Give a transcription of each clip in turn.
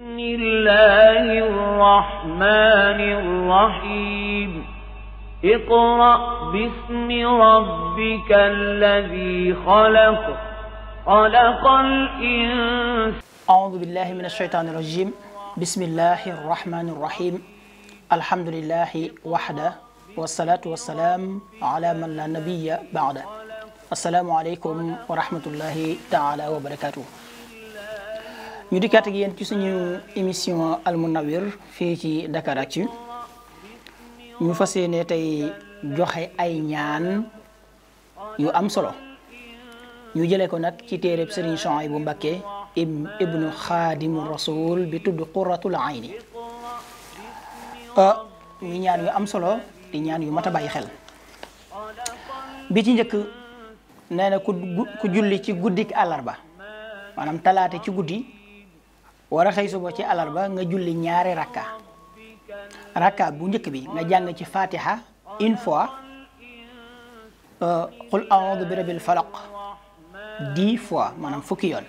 بسم الله الرحمن الرحيم اقرأ باسم ربك الذي خلق خلق الإنسان أعوذ بالله من الشيطان الرجيم بسم الله الرحمن الرحيم الحمد لله وحده والصلاة والسلام على من لا نبي بعده السلام عليكم ورحمة الله تعالى وبركاته ñu dikkaat ak yéen ci suñu émission Al Mounawir fii ci Dakaractu ñu fas yéene tey joxe ay ñaan yu am solo ñu jëlee ko nag ci téereb Serigne Souhaïbou Mbacké ibnu Xaadimu Rasul bi tudd Qurratul Ayni ñu ah, ñaan yu am solo di ñaan yu mat a bàyyi xel bi ci njëkk nee na ku julli ci guddik àllarba maanaam talaate ci guddi war a xëy suba ci alarba nga julli ñaari rakka rakka bu njëkk bi nga jàng ci fatiha une fois euh, qul a'udhu bi rabbil falaq di fois maanaam fukki yoon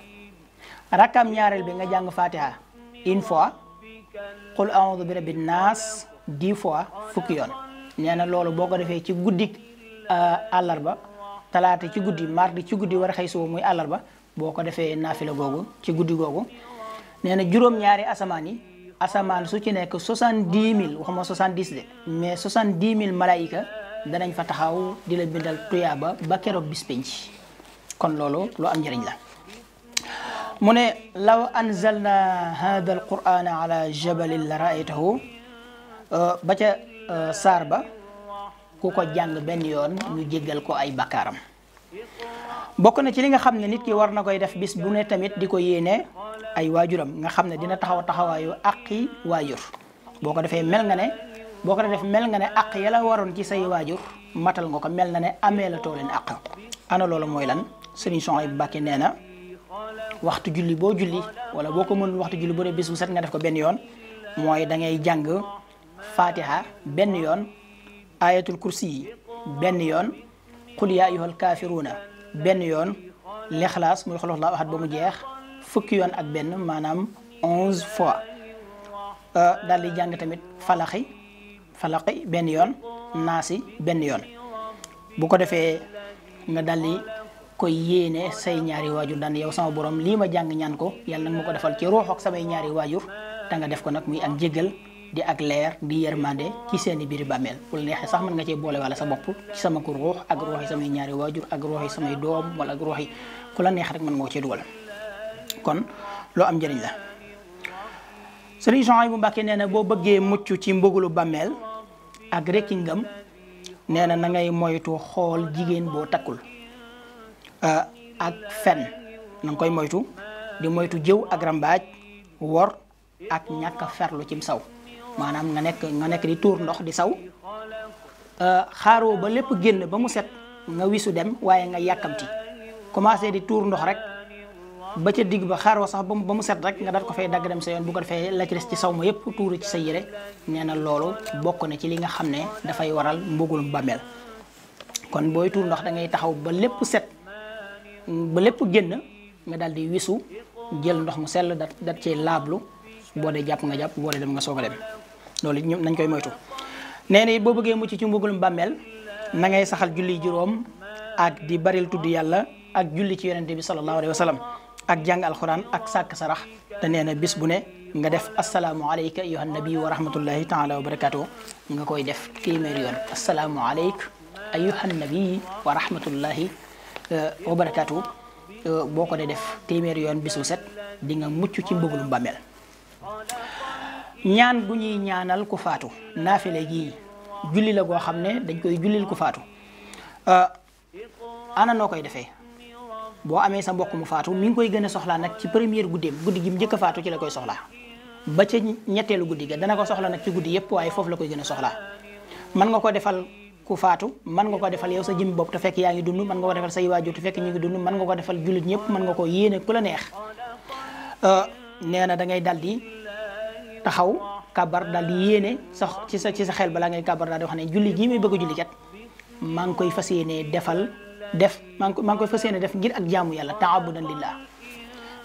rakkaam ñaareel bi nga jàng fatiha une fois qul a'udhu bi rabbin naas dix fois fukki yoon nee na loolu boo ko defee ci guddik euh, àllarba talaata ci guddi mardi ci guddi war a xëy suba muy àllarba boo ko defee naafila googu ci guddi googu nee na juróom-ñaari asamaan yi asamaan su ci nekk soixante-dix mille waxuma soixante-dix de mais soixante-dix mille malaayika danañ fa taxaw di la bindal tuyaaba ba keroog bis penc kon loolu lu am njëriñ la mu ne law anzalna hada al qurana ala jabalin la taxu euh, ba ca euh, saar ba ku ko jàng benn yoon ñu jéggal ko ay bakaaram bokk na ci li nga xam ne nit ki war na koy def bis bu ne tamit di ko yéene ay waajuram nga xam ne dina taxaw taxawaayu àqi waajur boo ko defee mel nga ne boo ko def mel nga ne àq yàlla waroon ci say waajur matal nga ko mel na ne amee la too leen àq ana loolu mooy lan sëriñ Souhaïbou Mbacké nee na waxtu julli boo julli wala boo ko mën waxtu julli bu dee bis bu set nga def ko benn yoon mooy da ngay jàng fatiha benn yoon ayatul kursi benn yoon qul yaa ayyuhal benn yoon lexlaas muy xolof laa waxat ba mu jeex fukki yoon ak ben manam 11 fois euh, dal di jang tamit falaxi falaxi ben yoon nasi ben yoon bu ko defé nga dal di koy yene say ñaari wajur dan yow sama borom li ma jang ñaan ko yalla nang mako defal ci ruux ak sama ñaari wajur ta nga def ko nak muy ak jéggel di ak lèr di yermandé ci seeni biir bamél bu la sax man nga ci bolé wala sa bop ci sama ko ruux ak ruuxi sama ñaari wajur ak sama doom wala ak ruuxi ku la neex rek man ci kon loo am njëriñ la sëriñ Souhaïbou Mbacké nee na boo bëggee mucc ci mbëggalu bàmmeel ak rekki ngëm nee na na ngay moytu xool jigéen boo takkul euh, ak fenn na nga koy moytu di moytu jëw ak rambaaj wor ak ñàkk ferlu cim saw maanaam nga nekk nga nekk di tuur ndox di saw euh, xaaroo ba lépp génn ba mu set nga wisu dem waaye nga yàkkamti commencé di tuur ndox rek ba ca digg ba wa sax ba mu set rek nga daat ko fay dagg dem sa yoon bu ko fay la ci dess ci saw yépp ci sa loolu bokk na ci li nga da dafay waral mbugul bamel. kon boy tour ndox da ngay taxaw ba lepp set ba lepp genn nga di wisu jël ndox mu sel dat dat cee laablu boo dee jàpp nga Nolit bo dee dem nga soga dem loolu ñu nañ koy moytu nee bo it mu ci ci mbugul bàmmeel na ngay saxal julli ak di baril tudd yalla ak julli ci yaronte bi sallallahu alaihi wasallam ak jàng alquran ak sak sarah te neena bis bu ne nga def alayka ayuha nabi wa rahmatullahi taala wa barakatuh nga koy def yon assalamu asalaamualeyk ayuha nabi wa rahmatullahi wa barakatuh boko ko def téeméer yon bisu set di nga muccu ci mbëgulum bàmmeel ñaan gu ñi ñaanal ku faatu nafile gi julli la go xamne dañ koy jullil ku faatu ana nokoy defee bo amé sa mbokk mu faatu mi ngi koy gëna soxla nak ci première guddem guddi gi mu jëk faatu ci la koy soxla ba ci ñettelu guddi ga dana ko soxla nak ci guddi yépp waaye fofu la koy gëna soxla man nga ko defal ku faatu man nga ko defal yow sa jëm bop ta fekk yaa ngi dund man nga ko defal sa waajur ta fekk ñi ngi dund man nga ko defal julit ñepp man nga ko yéene ku la neex euh neena da ngay daldi taxaw kabar di yéene sa ci sa ci sa xel bala ngay kabar di wax ne julli gi may bëgg julli kat maa ngi koy fas yéene defal def maa ngi ko maa ngi koy fas yéene def ngir ak jaamu yàlla taabudan lillah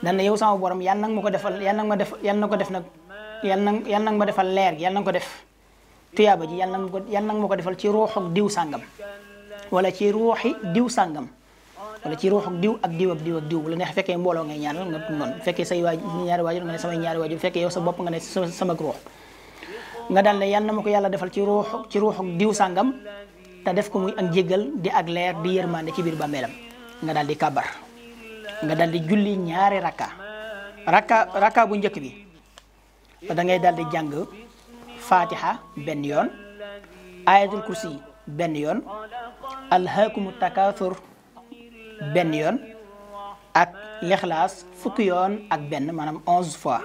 dana yow sama borom yàlla nag ma ko defal yàlla nag ma def yàlla na ko def nag yàlla nag yàlla nag ma defal leer gi yàlla na ko def tuyaaba ji yàlla nag ko yàlla nag ma ko defal ci ruuxu diw sàngam wala ci ruuxi diw sàngam wala ci ruuxu ak diw ak diw ak diw la neex fekkee mbooloo ngay ñaanal nga fekkee say waaj ñaari waajur nga ne samay sa bopp nga ne sama ruux nga daal ne yàlla na ma ko yàlla defal ci ruux diw sàngam te def ko muy ak njéggal di ak leer di yërmande ci biir bàmmeelam nga daal di kabar nga daal julli ñaari rakka rakka bu njëkk bi da ngay di jàng fatiha benn yoon ayatul kursi benn yoon alhaakumu takathur benn yoon ak lexlaas fukki yoon ak benn maanaam onze fois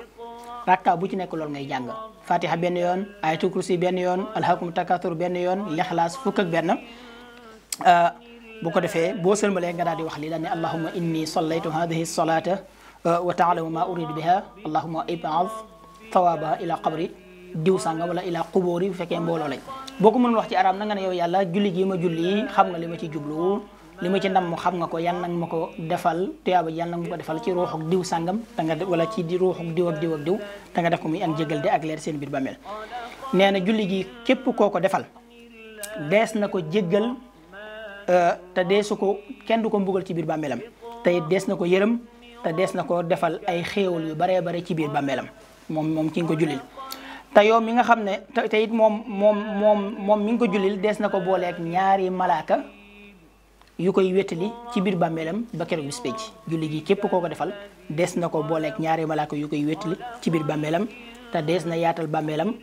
rakka bu ci nekk loolu ngay jàng fatiha benn yoon ayatul kursi benn yoon alhakum takathur benn yoon lixlaas fukk ak benn bu ko defee boo sëlmalee nga daal di wax lii daal ne allahuma inni sallaytu hadihi salata wa taalamu ma uridu biha allahuma ibaad thawaaba ila qabri diw sanga wala ila quboori bu fekkee mbooloo lañ boo ko mënul wax ci arab na nga ne yow yàlla julli gii ma julli xam nga li ma ci jublu li ma ci ndam mu xam nga ko yal nag ma ko defal tuyaaba yal nag ma ko defal ci ruuxuk diw sàngam da nga wala ci di ruuxuk diw ak diw ak def ko muy an jégal de ak leer seen biir bàmmeel nee na julli gi képp koo ko defal dees na ko jéggal euh, te deesu ko kenn du ko mbugal ci biir bàmmeelam te it dees na ko yërëm te dees na ko defal ay xéewal yu baree bare ci biir bàmmeelam moom moom ki nga ko jullil te yow mi nga xam ne te it moom moom moom mi nga ko jullil dees na ko booleeg ñaari malaaka yu koy wettali ci biir bàmmeelam ba keroog bis pénc julli gi képp koo ko defal des na ko booleeg ñaari malaaka yu koy wettali ci biir bàmmeelam te dees na yaatal bàmmeelam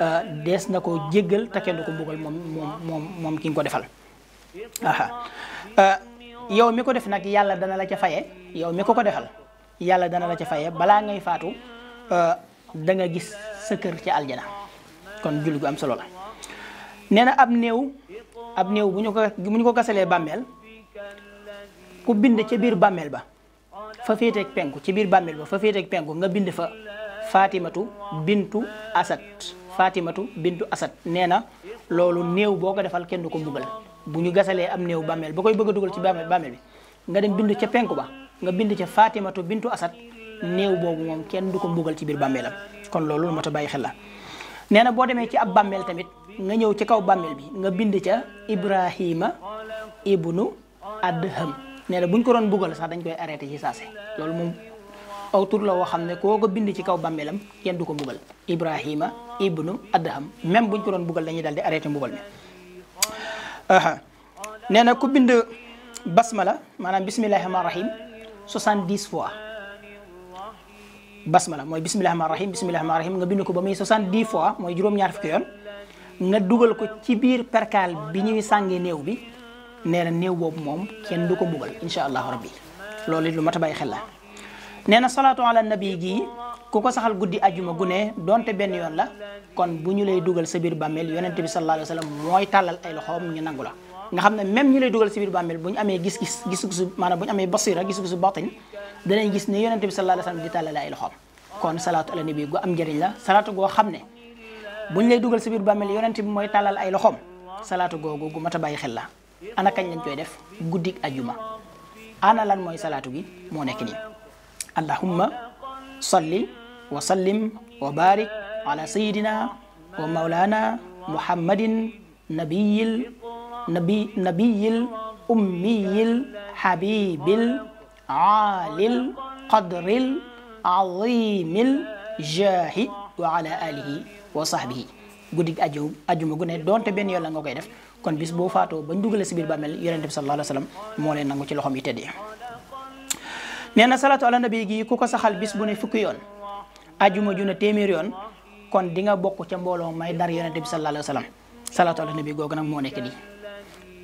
euh, des na ko jéggal te kenn ko mbugal moom moom moom moom ki nga ko defal euh, yow mi ko def nag yàlla dana la ca faye yow mi ko ko defal yàlla dana la ca faye balaa ngay faatu euh, danga gis sa kër ci aljana kon julli gu am solo la nee na ab néew ab néew bu ñu ko bu ko gasalee bàmmeel ku bind ca biir bàmmeel ba fa féeteeg penku ci biir bàmmeel ba fa féeteeg penku nga bind fa Fatimatu Bintu Asad Fatimatu Bintu Asad nee na loolu néew boo ko defal kenn du ko mbugal bu ñu gasalee am néew bàmmeel ba koy bëgg a dugal ci bàmmeel bàmmeel bi nga dem bind ca penku ba nga bind ca Fatimatu Bintu Asad néew boobu moom kenn du ko mbugal ci biir bàmmeelam kon loolu lu ma ta bàyyi xel la boo demee ci ab bàmmeel tamit. nga ñëw ci kaw bàmmeel bi nga bind ca Ibrahima ibnu Adham nee na buñ ko doon buggal sax dañ koy arrêté ci saase loolu moom aw la woo xam ne koo ko bind ci kaw bàmmeelam kenn du ko mbugal Ibrahima ibnu Adham même buñ ko doon buggal dañuy daal di arrêté mbugal mi nee na ku bind basmala maanaam la rahmaani rahim 70 fois basmala mooy bismillahi rahmaani rahim bismillahi rahmaani rahim nga bind ko ba muy fois mooy juróom-ñaar fukki yoon nga dugal ko ci biir perkaal bi ñuy sàngee néew bi nee na néew boobu moom kenn du ko mbugal incha allahu rabbi loolu it lu ma a xel la nee na salaatu ala nabi gii ku ko saxal guddi ajuma gu ne donte benn yoon la kon bu ñu lay dugal sa biir bàmmeel yonente bi sallallahu alayhi wa sallam mooy tàllal ay loxoom ñu nangu la nga xam ne même ñu lay dugal si biir bàmmeel bu ñu amee gis-gis gisu maanaam bu ñu amee basira gisu gisu batin danañ gis ne yonente bi sallallahu alayhi wa sallam di tàllale ay loxoom kon salaatu ala nabi gu am njëriñ la salaatu goo xam ne buñ lay duggal sa bir bàmmeel yonent bi moy talal ay loxom salatu gogu gu mata a bàyyi xel la ana kañ lañ koy def guddik aljuma ana lan moy salatu gi mo nek ni allahumma salli wa sallim wa barik ala sayidina wa maulana muhammadin nabiyil nabi nabiyil ummiyil habibil aalil qadril azimil jaahi وعلى آله wa sahbihi guddi aju ajuma a ne donte benn yoon la nga koy def kon bis boo faatoo bañ dugale si biir bàmmeel yonente bi sallallahu alayhi wa sallam moo leen nangu ci loxom yi tëddee nee na salaatu ala nabi gi ku ko saxal bis bu ne fukki yoon ajuma ju ne téeméer yoon kon di nga bokk ca mbooloo may dar yonente bi sallallahu alayhi wa sallam salaatu ala nabi googu nag moo nekk nii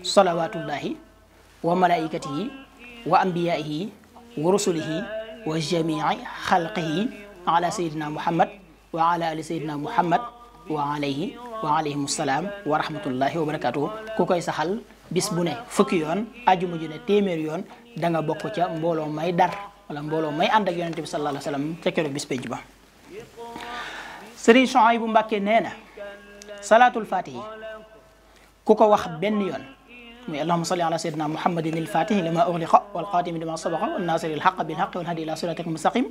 salawaatullahi wa malaikatihi wa anbiyaihi wa rusulihi wa jamii xalqihi ala sayidina muhammad وعلى ال سيدنا محمد وعليه وعليه السلام ورحمه الله وبركاته كوكاي سخال بس بو نه فك يون اديو مجي نه تيمير يون داغا بوكو تيا مbolo may dar wala mbolo may and ak yonnati sallallahu alaihi wasallam te kero bis pej ba serigne shaib mbake مي اللهم صل على سيدنا محمد الفاتح لما اغلق والقادم لما سبق والناصر الحق بالحق والهادي الى صراطك المستقيم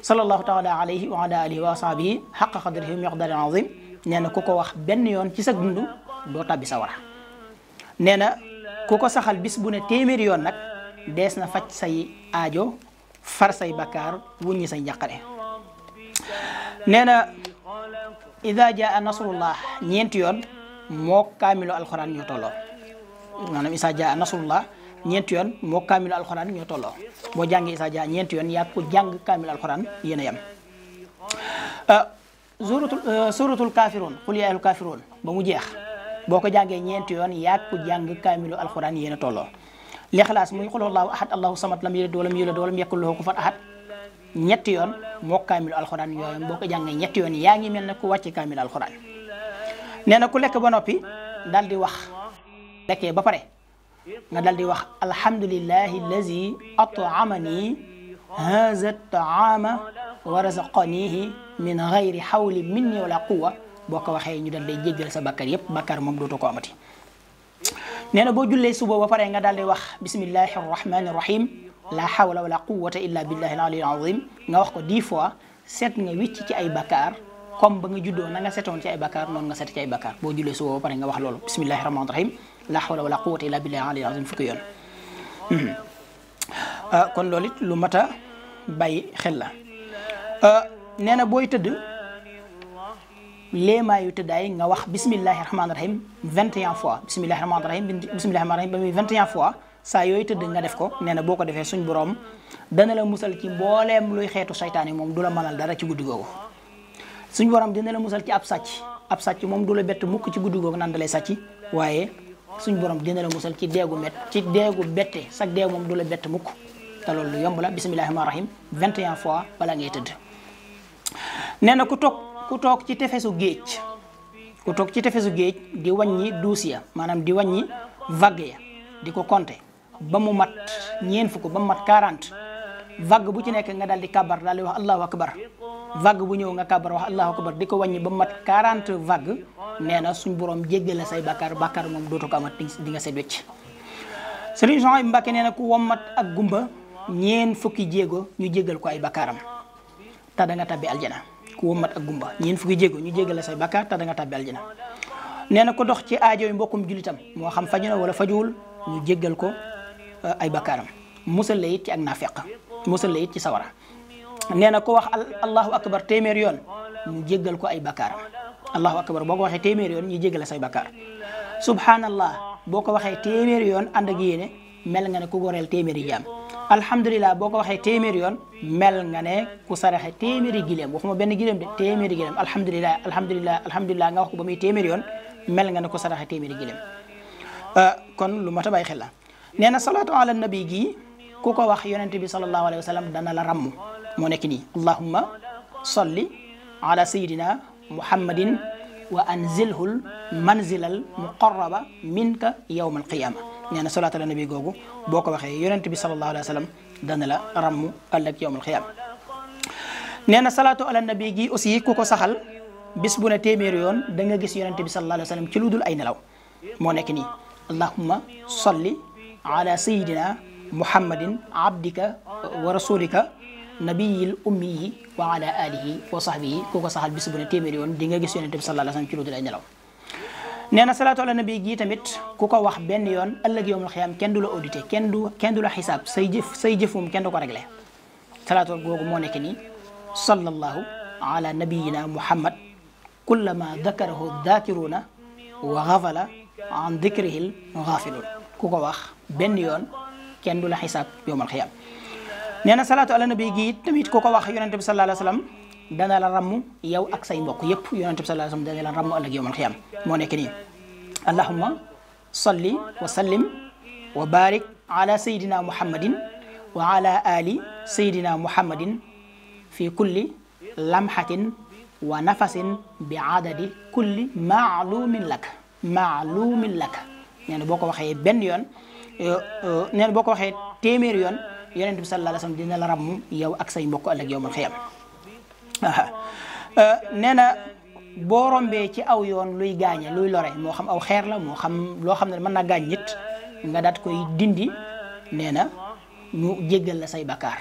sallallahu taala alayhi wa ala alihi wa sahbihi haqq qadrihi miqdari azim neena kuko wax ben yon ci sa dundu do tabbi sa wara neena kuko saxal bis bu ne téeméeri yon nak des na fajj say aajo far say bakar wuñi say jaxale neena idha jaa nasrullah ñent yon mo kamilu alquran yu tolo manam isa jaa nasrullah ñeenti yoon moo kaamilu alxuraan ñoo tolloo boo jàngee Isa Dia ñeenti yoon yaa ko jàng kaamilu alxuraan yéen a yem suratul euh, euh, suratul kaafiroon qul yaa ayyuhal kaafiroon ba mu jeex boo ko jàngee ñeenti yoon yaa ko jàng kaamilu alxuraan yéen a tolloo lixlaas muy qul huwallaahu ahad allahu samad lam yalid walam yulad walam yakul lahu kufuwan ahad ñetti yoon moo kaamilu alxuraan yooyu boo ko jàngee ñetti yoon yaa ngi mel ne ku wàcce kaamilu alxuraan nee na ku lekk ba noppi daal di wax lekkee ba pare nga dal di wax alhamdulillahi allazi at'amani haza taama wa razaqanihi min gayri xawli minni wala quwa boo ko waxee ñu dal day jéggal sa bakkar yépp bakkar moom dootu ko amati nee na boo jullee suba ba pare nga daal di wax bismillahi arrahmani arrahim la hawla wala quwata illa billahi alali azim nga wax ko dix fois seet nga wicc ci ay bakkar comme ba nga juddoo na nga setoon ci ay bakkar noonu nga set ci ay bakkar boo jullee suba ba pare nga wax loolu bismillahi rahmani rahim لا حول ولا قوة إلا بالله العلي العظيم fukki yoon كون لوليت لو lu باي a bàyyi xel la nee na booy tëdd nga wax bismillahi rahmaani rahim 21 fois bismillahi rahmaani rahim bismillahi rahmaani rahim ba muy 21 fois sa yoy tëdd nga def ko neena boko defé suñ borom dana la musal ci mbooleem luy xétu shaytané mom dula manal dara ci guddigo googu suñ borom dina la musal ci ab satch ab satch mom dula bet mukk ci guddigo googu nan dalay satch waye suñu borom dina la musal ci deegu met ci deegu bette sa deegu moom du la bett mukk te loolu lu yomb la bismillahi rahmaani rahim 21 fois balaa ngay tëdd nee na ku toog ku toog ci tefesu géej ku toog ci tefesu géej di wàññi duus ya maanaam di wàññi vague ya di ko compter ba mu mat ñeen fukk ba mu mat 40 vague bu ci nekk nga daal di kabar daal wax allahu akbar vague bu ñëw nga kabar wax allahu akbar di ko wàññi ba mu mat 40 vague nee na suñ borom jéggale say bàkkaar bàkkaar moom dootu ko amat di nga set wecc Sëriñ Souhaïbou Mbacké nee na ku wommat ak gumba ñeen fukki jéego ñu jéggal ko ay bakkaaram te da nga aljana ku wommat gumba ñeen fukki jéego ñu jéggale say bakkaar da nga tabbi aljana nee na ko dox ci aajo mbokkum julitam moo xam faju na wala fajuwul ñu jéggal ko eh, ay bakkaaram musal la it ci ak naafeq musal la it ci sawara nee na ko wax allahu akbar téeméer yoon ñu jéggal ko ay bakkaaram allahu akbar boo ko waxee téeméer yoon ñu jégal say bakkaar subhanallah boo ko waxee téeméer yoon ànd ak yéene mel nga ne ku goreel téeméeri jaam alhamdulilah boo ko waxee téeméeri yoon mel nga ne ku saraxe téeméeri gileem waxuma benn gileem de téeméeri gileem alhamdulilah alhamdulilah alhamdulilah nga wax ko ba muy téeméeri yoon mel nga ne ku saraxe téeméeri gileem kon lu mat a bàyyi xel la nee na salaatu ala nabi gi ku ko wax yonent bi sallallahu alayhi wa sallam dana la ràmm moo nekk nii allahumma salli ala sayidina محمد وأنزله المنزل المقرب منك يوم القيامة nee na salaat ala nabi googu boo ko waxee yonent bi sallallahu alayhi wa sallam dana la ràmm ëllëg yowmal xiyaam nee na salaatu ala nabi gi aussi ku ko saxal bis bu ne téeméer yoon da nga gis yonent bi sallallahu alayhi wa sallam ci lu dul ay nelaw moo nekk nii allahumma salli ala sayidina muhammadin abdika wa rasulika نبي الأمي وعلى آله وصحبه كوكا صاحب بسبون تيمريون دينغا جيس يونتب صلى الله عليه وسلم كيلو دلائن لو نانا صلاة الله نبي جي تمت كوكا واخ بن يون ألغ يوم الخيام كندو لو أوديتي كندو كندو لو حساب سيجف سيجفهم كندو كارغلي صلاة الله غوغو مونيكني صلى الله على نبينا محمد كلما ذكره الذاكرون وغفل عن ذكره الغافلون كوكا واخ بن يون كندو لو حساب يوم الخيام nee na salaatu ala nabi gi it tamit ku ko wax yonente bi sallallahu alayhi wa sallam dana la ramm yow ak say mbokk yépp yonente bi sallallahu alayhi wa sallam dana la ramm ëllëg yowmal xiyaam moo nekk nii allahumma salli wa sallim wa barik ala sayidina muhammadin wa ala ali sayidina muhammadin fi kulli lamhatin wa nafasin bi adadi kulli maalumin lak maalumin lak nee na boo ko waxee benn yoon nee na boo ko waxee téeméer yoon yonent bi sallallahu alayhi wa sallam dina la ràmm yow ak say mbokk ëllëg yow man xiyam nee na boo rombee ci aw yoon luy gaañe luy lore moo xam aw xeer la moo xam loo xam ne mën naa nit nga daat koy dindi nee na ñu jéggal la say bakkaar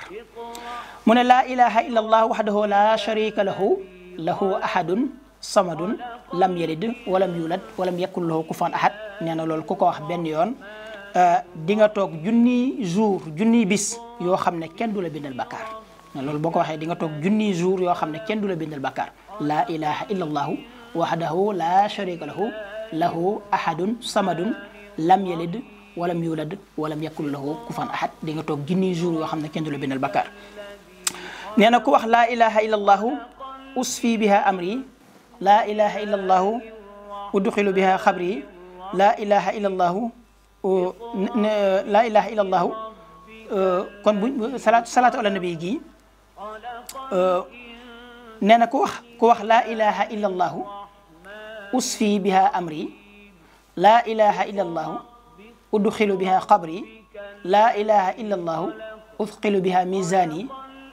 mu ne ilaha illa allah waxdahu la sharika lahu lahu ahadun samadun lam yalid walam yulad walam yakun lahu kufan ahad nee na ku ko wax benn yoon di nga toog junni jour junni bis yoo xam ne kenn du la bindal bakkaar loolu boo ko waxee di nga toog junni jour yoo xam ne kenn du la bindal bakkaar la ilaha illa allahu wahdahu la sharika lahu lahu ahadun samadun lam yalid walam yulad walam yakul lahu kufan ahad di nga toog junni jour yoo xam ne kenn du la bindal bakkaar nee na ku wax la ilaha illa allahu usfi biha amri la ilaha illa allahu udxilu biha khabri laa ilaha illa allahu laa ilaha illa allahu kon bu salaatu salaatu ala nabi gii nee na ku wax ku wax laa ilaha illa allahu usfi biha amri laa ilaha illa allahu udxilu biha qabri laa ilaha illa allahu uthqilu biha mizani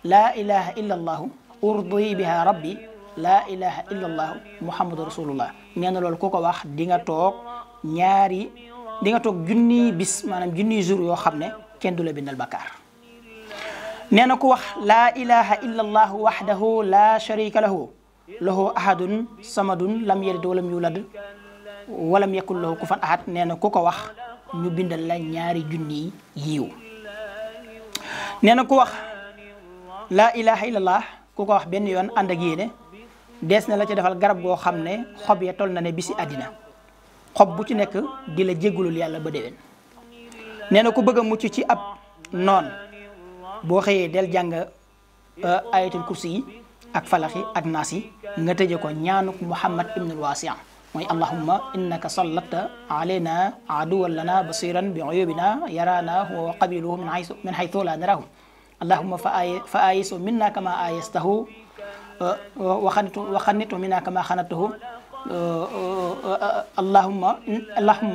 laa ilaha illa allahu urdi biha rabbi laa ilaha illa allahu muhammadu rasulullah nee na loolu ku ko wax di nga toog ñaari di nga tok junniy bis manam junniy jour yo xamne ken dula bindal bakar nee na ku wax la ilaha illa allah wahdahu la sharika lahu lahu ahadun samadun lam yalid walam yulad walam yakul lahu kufuwan ahad nee na ku ko wax ñu bindal la ñaari junniy yiiw nee na ku wax la ilaha illa allah ku ko wax ben yon andak ak yéene dees na la ci defal garab go xamne xob ya tol na ne bisi adina xob bu ci nekk di la jéggulul yàlla ba déwén nee na ku bëgg a mucc ci ab noon boo xëyee del jàng ayatul kursi yi ak falaxi ak naas yi nga tëje ko ñaanuk muhammad ibnul waasian mooy allahumma innaka sallatta alayna aduwan lana basiran bi uyubina yarana huwa wa qabiluhu min haythu min haythu la narahu allahumma fa ayisu minna kama ayastahu waxanitu waxanitu minna kama xanatuhu أه، أه، أه، اللهم اللهم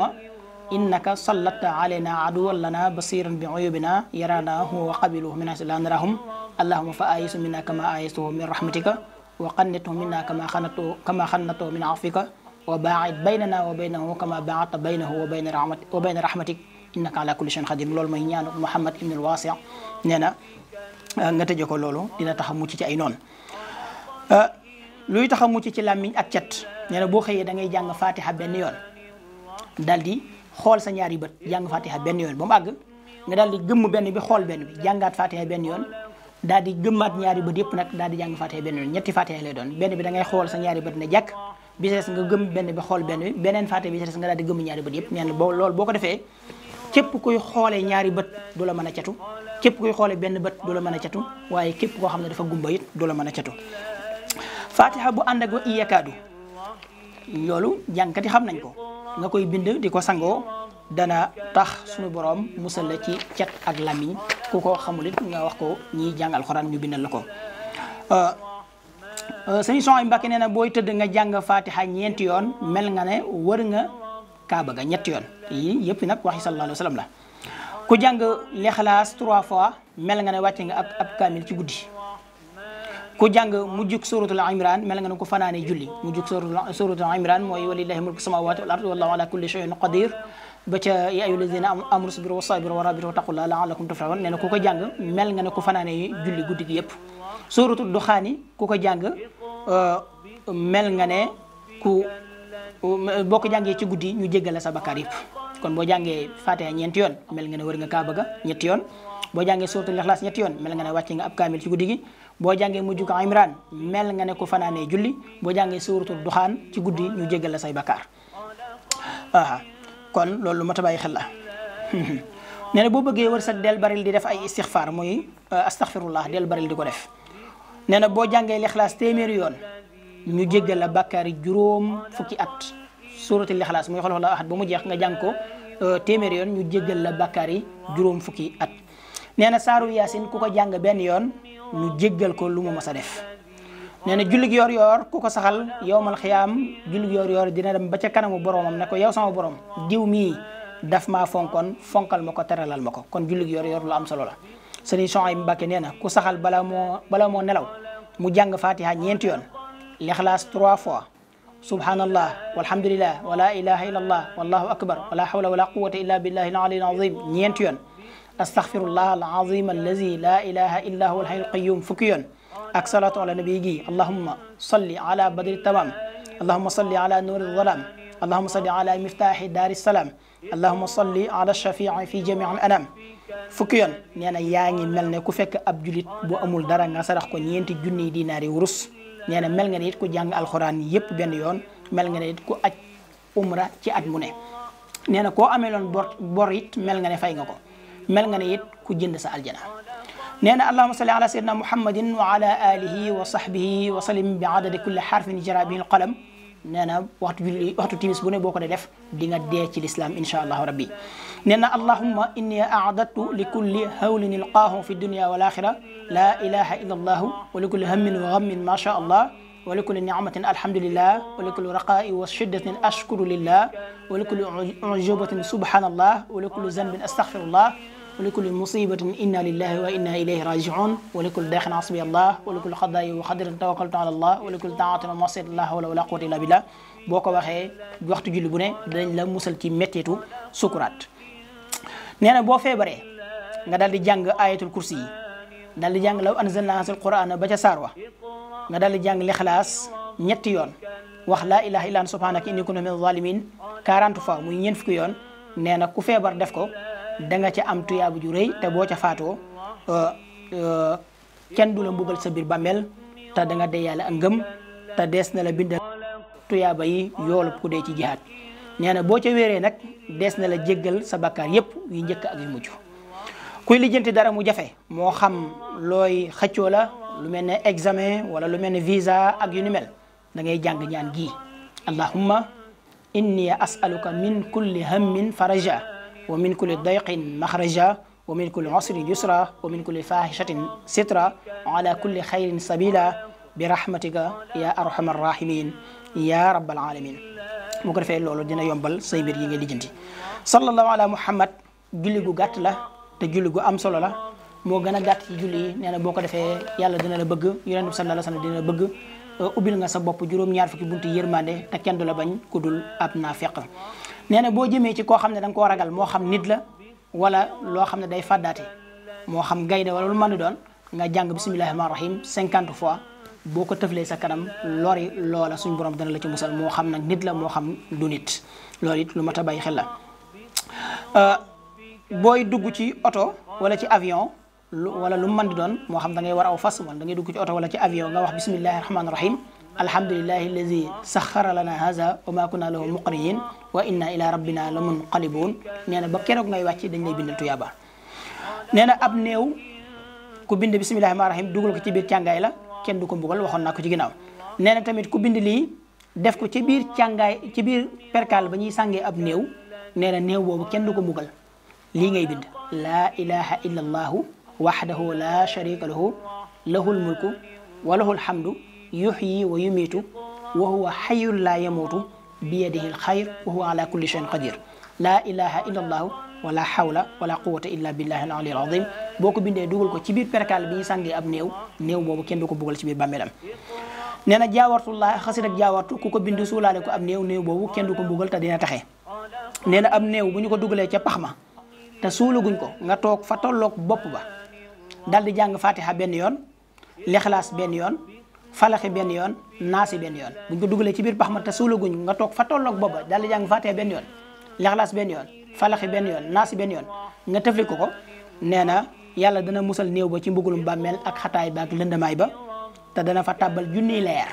إنك صلت علينا عدو لنا بصيرا بعيوبنا يرانا هو وقبله من لا نراهم اللهم فآيس منا كما آيسه من رحمتك وقنته منا كما خنته كما خنته من عفوك وباعد بيننا وبينه كما باعدت بينه وبين رحمت وبين رحمتك إنك على كل شيء قدير لول مهنيان محمد ابن الواسع نينا nga لولو ko loolu dina tax mucc ci luy tax a mucc ci làmmiñ ak cet nee boo xëyee da ngay jàng fatiha benn yoon dal di xool sa ñaari bët jàng fatiha benn yoon ba mu àgg nga daal di gëmm benn bi xool benn bi jàngaat fatiha benn yoon daal di gëmmaat ñaari bët yëpp nag daal di jàng fatiha benn yoon ñetti lay doon benn bi da ngay xool ñaari bët ne jàkk bi des nga gëm benn bi xool benn bi beneen fatiha nga daal di gëmm ñaari bët yëpp nee na boo loolu boo ko defee képp kuy xoolee ñaari bët du la mën a cetu képp kuy xoolee benn bët du la mën a cetu waaye képp koo xam ne dafa gumba it du la mën a cetu fatiha bu ànd ak wa iyakaadu loolu jànkati xam nañ ko nga koy bind di ko sango dana tax sunu borom musal la ci ciat ak lamiñ ku ko xamulit nga wax ko ñi jàng alxuraan ñu bindal la euh, euh sëñ son mbàkke nee na booy tëdd nga jang fatiha ñent yoon mel nga ne wër nga kaaba ga ñett yoon yi yëpp nak waxi sallallahu alayhi wasallam sallam la ku jang l'ikhlas 3 fois mel nga ne wacc nga ab ab ci guddii ku jang mujjuk suratul imran mel nga ko fanane julli surut suratul suratul imran moy walillahi mulku samawati wal ardi wallahu ala kulli shay'in qadir ba ca ya ayyul ladina amru sabiru wa sabiru wa rabiru taqullah la'allakum tuflihun nena ku ko jang mel nga ko fanane julli guddigi yep suratul dukhani ku ko jang euh, mel nga ne ku euh, bok jangé ci guddii ñu jéggal sa bakkar yep kon bo jangé fatiha ñent yoon mel nga ne wër nga kaaba ga ñet yoon bo jangé suratul ikhlas ñet yoon mel nga ne wacc nga ab kamil ci guddigi bo jangé mu ko imran mel nga ne ko fanané julli bo jangé suratul duhan ci guddi ñu say aha kon lolu mata baye xel la né bo bëggé del baril di def ay istighfar moy euh, astaghfirullah del baril di ko def né na bo jangé l'ikhlas téeméeri yoon ñu jéggal la bakkaari fukki at suratul ikhlas moy xol la ahad bu mu jeex nga jang ko euh, téeméeri yoon ñu jéggal la fukki at nee na yasin yaasin ku ko jàng ñu jéggal ko lu mu mës a def nee na jullig yor yor ku ko saxal yowmal xiyaam jullig yor yor dina dem ba ca kanamu boromam ne ko yow sama borom diw mii daf maa fonkoon fonkal ma ko teralal ma ko kon jullig yor yor lu am solo la sëriñ Soxay Mbàkke nee na ku saxal bala moo bala moo nelaw mu jàng fatiha ñeenti yoon lixlaas trois fois subhanallah walhamdulillah wala ilaha illallah wallahu akbar wala hawla wala quwwata illa billahi al aliyyil azim ñeenti yoon استغفر الله العظيم الذي لا اله الا هو الحي القيوم فكيون اكسلت على نبيجي اللهم صل على بدر التمام اللهم صل على نور الظلام اللهم صل على مفتاح دار السلام اللهم صل على الشفيع في جميع الانام فكيون نانا ياغي ملني كو فك اب جوليت بو امول دارا nga sarax ko nienti juni dinari ورس نانا مل nga nit ko jang alquran yep ben yon mel nga nit ko aj umra ci at mu ne nena ko amelon bor borit mel nga mel nga ne it ku jënd sa aljana nee na allahuma salli ala sayidina muhammadin wa ala alihi wa sahbihi wa sallim bi adadi kulli xarfin jara bihi alqalam nee na waxtu julli waxtu timis bu ne boo ko dee def di nga dee ci lislaam insha allahu rabbi nee na allahumma inni aadatu li kulli hawlin ilqaahu fi dunya wal axira laa ilaha illa allahu wa li kulli hammin wa gammin ma sha allah wa li kulli niamatin alhamdulillah wa li kulli raqaa'i wa shiddatin ashkuru lillah wa li kulli ujubatin subhanallah wa li kulli zanbin astaghfirullah ولكل مصيبة إنا لله وإنا إليه راجعون ولكل داخل حسبي الله ولكل خضاء وقدر توكلت على الله ولكل طاعة معصية الله ولا ولا قوة إلا بالله boo ko waxee waxtu julli bu ne dañ la musal ci mettitu sukuraat nee na boo feebaree nga daal di jàng ayatul kursi yi daal di jàng law anzalna hasil qur'ana ba ca saar wa nga daal di jàng lixlaas ñetti yoon wax laa ilaha illa subhanaka inni kuntu min zalimin 40 fois muy ñeent fukki yoon nee na ku feebar def ko da nga ca am tuyaabu ju te boo ca faatoo euh, euh, kenn du la mbugal sa biir bàmmeel te danga nga dee yàlla ak ngëm te dees na la bindal tuyaaba yi yoolu ku dee ci jihaat nee boo ca weeree nag des na la jéggal sa bakkaar yépp yu njëkk ak yu mujj kuy lijjanti dara mu jafe moo xam looy xëccoo la lu mel ne examen wala lu mel ne visa ak yu ni mel da ngay jàng ñaan gi allahumma inni as'aluka min kulli hammin faraja ومن كل ضيق مخرجا ومن كل عسر يسرا ومن كل فاحشة سترا على كل خير سبيلا برحمتك يا أرحم الراحمين يا رب العالمين مكر في اللولو دينا يومبل سيبير يجي جنتي صلى الله على محمد جلقو قاتلة تجلقو أمسل الله مو غنا غات يجولي نانا بوكا دافي يالا دينا لا بëgg يونس صلى الله عليه وسلم دينا بëgg اوبيل nga sa bop juroom ñaar fukki buntu yermande ta kenn do la bañ kudul ab nafiq nee na boo jëmee ci koo xam ne da ko koo ragal moo xam nit la wala loo xam ne day fàddaate moo xam gaynde wala lu mën doon nga jàng bismillahi rahmaani rahim cinquante fois boo ko tëflee sa kanam lori loola suñu borom dana la ci musal moo xam nag nit la moo xam du nit loolu it lu mat a bàyyi xel la euh, booy dugg ci oto wala ci avion lu wala lu mën di doon moo xam da ngay war aw fas wala da ngay dugg ci oto wala ci avion nga wax bismillahi rahmaani rahim الحمد لله الذي سخر لنا هذا وما كنا له مقرين وإنا إلى ربنا لمنقلبون nee na ba keroog ngay wàcc dañ lay bindal tuyaaba nee na ab néew ku bind bismillahi rahmaani rahim dugal ko ci biir càngaay la kenn du ko mbugal waxoon naa ko ci ginnaaw nee na tamit ku bind lii def ko ci biir càngaay ci biir perkaal ba ñuy sàngee ab néew nee na néew boobu kenn du ko mbugal lii ngay bind laa ilaha illa allahu waxdahu la sharika lahu lahu lmulku wa lahu alhamdu يحيي ويميت وهو حي لا يموت بيده الخير وهو على كل شيء قدير لا اله الا الله ولا حول ولا قوه الا بالله العلي العظيم بوكو بيندي دوغل كو تي بير بركال بي سانغي اب نيو نيو بوبو كين دوكو بوغل تي بير باميلام نانا جاورت الله خسر جاورتو كوكو بيندي سولالي كو اب نيو نيو بوبو كين دوكو بوغل تا دينا تخي نانا اب نيو بو نيو كو دوغلي تي باخما تا سولو غنكو nga tok fa tolok bop ba daldi jang fatiha ben yon l'ikhlas ben yon falaxi benn yoon naasi benn yoon buñ ko dugalee ci biir pax ma te suulaguñ nga toog fa tolloog booba daal di jàng faatee benn yoon lexlaas benn yoon falaxi benn yoon naasi benn yoon nga tëfli ko ko nee na yàlla dana musal néew ba ci mbugulum bàmmeel ak xataay ba ak lëndamaay ba te dana fa tàbbal junniy leer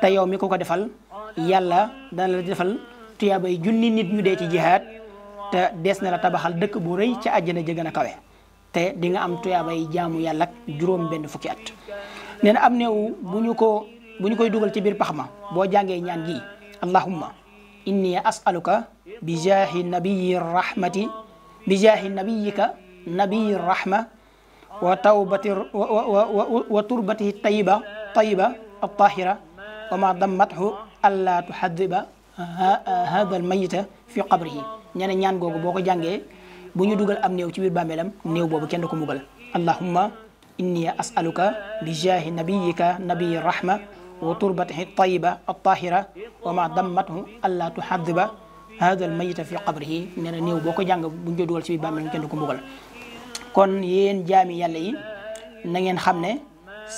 te yow mi ko ko defal yàlla dana la defal tuyaabay junni nit ñu dee ci jihaad te des na la tabaxal dëkk bu rëy ci àjjana jëgën na kawe te di nga am tuyaabay jaamu yàlla ak juróom benn fukki at nena am néew buñu ko buñu koy duggal ci bir pakhma bo jangé ñaan gi allahumma inni asaluka bi jahi nabiyir rahmati bi jahi nabiyyika nabiyir rahma wa tawbati wa turbati tayyiba tayyiba at-tahira wa ma dammathu alla tuhadiba hada mayyit fi qabrihi nena ñaan googu boko jangé buñu duggal am néew ci bir bamelam néew bobu kenn du ko mugal allahumma إني أسألك بجاه نبيك نبي الرحمة وتربته الطيبة الطاهرة وما دمته ألا تحذب هذا الميت في قبره nee na néew boo ko jàng bu ñu dugal ci biir bàmmeel kenn du ko mbugal kon yéen jaami yàlla yi na ngeen xam ne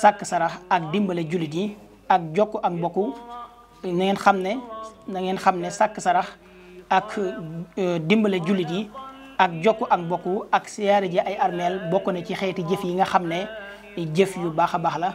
sàkk sarax ak dimbale jullit yi ak jokk ak mbokk na ngeen xam ne na ngeen xam ne sàkk sarax ak dimbale jullit yi ak jokku ak bokku ak siyaare ji ay armel bokk ne ci xeeti jëf yi nga xam ne jëf yu baax a baax la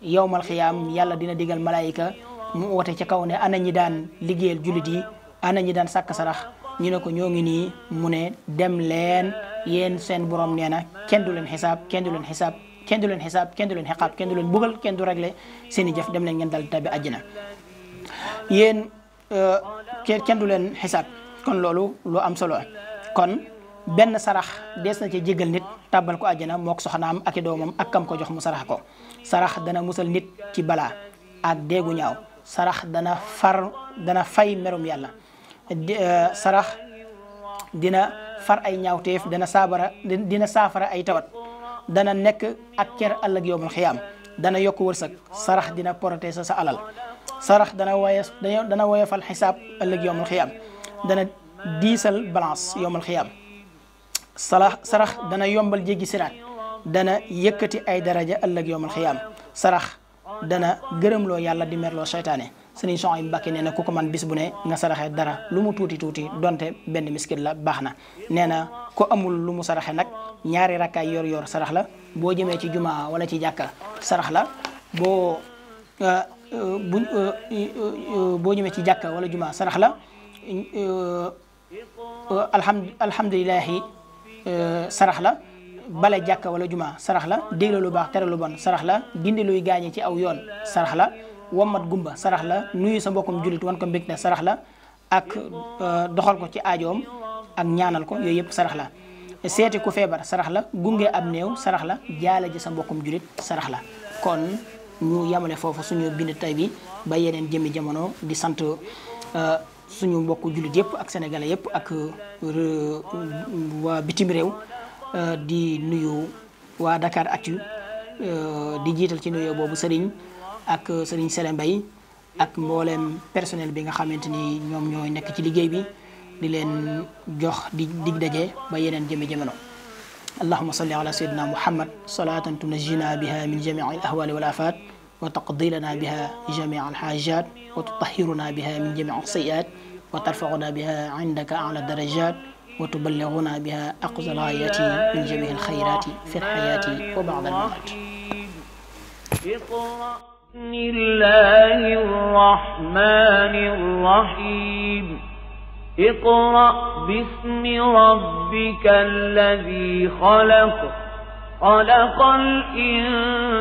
yowmal khiyam yalla dina digal malaika mu wote ci kaw ne ana ñi daan liggéeyal julit yi ana ñi daan sàkk sarax ñu ne ko ñoo ngi nii mu ne dem leen yeen seen borom nee na kenn du leen xisaab kenn du leen xisaab kenn du leen xisaab kenn du leen xiqaab kenn du leen bugal kenn du regle seen i dem leen ngeen dal tabi àjjana yéen euh, kenn du leen xisaab kon loolu lu am solo kon ben sarax des na ci jégal nit tabal ko aljana mok soxnam ak doomam ak kam ko jox mu sarax ko sarax dana musal nit ci bala ak degu ñaaw sarax dana far dana fay merum yàlla sarax dina far ay ñaawteef dana sabara dina safara ay tawat dana nek ak ker ëllëg yowmal khiyam dana yok wursak sarax dina protéger sa alal sarax dana woye dana woyefal xisaab ëllëg yowmal khiyam dana diisal balance yowmal xiyaam sarax sarax dana yombal jéggi siraat dana yëkkati ay daraja ëllëg yowmal xiyaam sarax dana gërëmloo yàlla di merloo seytaane sëriñ son yi mbàkke nee na ku ko man bis bu ne nga saraxee dara lu mu tuuti tuuti donte benn miskit la baax na nee na ko amul lu mu saraxe nag ñaari rakkaay yor yor sarax la boo jëmee ci jumaa wala ci jàkka sarax la boo bu boo jëmee ci jàkka wala jumaa sarax la alham alhamdulilahi euh, sarax la bale jàkka wala juma sarax la digle lu baax tere lu bon sarax la gindi luy gaañe ci aw yoon sarax la wammat gumba sarax la nuyu sa mbokkum jullit wan ko mbég ne sarax la ak euh, doxal ko ci aajoom ak ñaanal ko yooyu yëpp sarax la seeti ku feebar sarax la gunge ab néew sarax la jaala ji sa mbokkum jullit sarax la kon ñu yamale foofu suñu bind tay bi ba yeneen jëmmi jamono di sant euh, suñu mbokk julit yépp ak sénégalais yépp ak waa bitim réew di nuyu waa Dakar atu di jiital ci nuyoo boobu sëriñ ak sëriñ selem bay ak mboolem personnel bi nga xamante ni ñoom ñooy nekk ci liggéey bi di leen jox di dig daje ba yeneen jëme jamono اللهم صل على سيدنا محمد صلاة تنجينا بها من جميع الأهوال والآفات وتقضي لنا بها جميع الحاجات وتطهرنا بها من جميع السيئات وترفعنا بها عندك أعلى الدرجات وتبلغنا بها أقصى الغايات من جميع الخيرات في الحياة وبعد الممات بسم الله الرحمن الرحيم اقرأ باسم ربك الذي خلق خلق الإنسان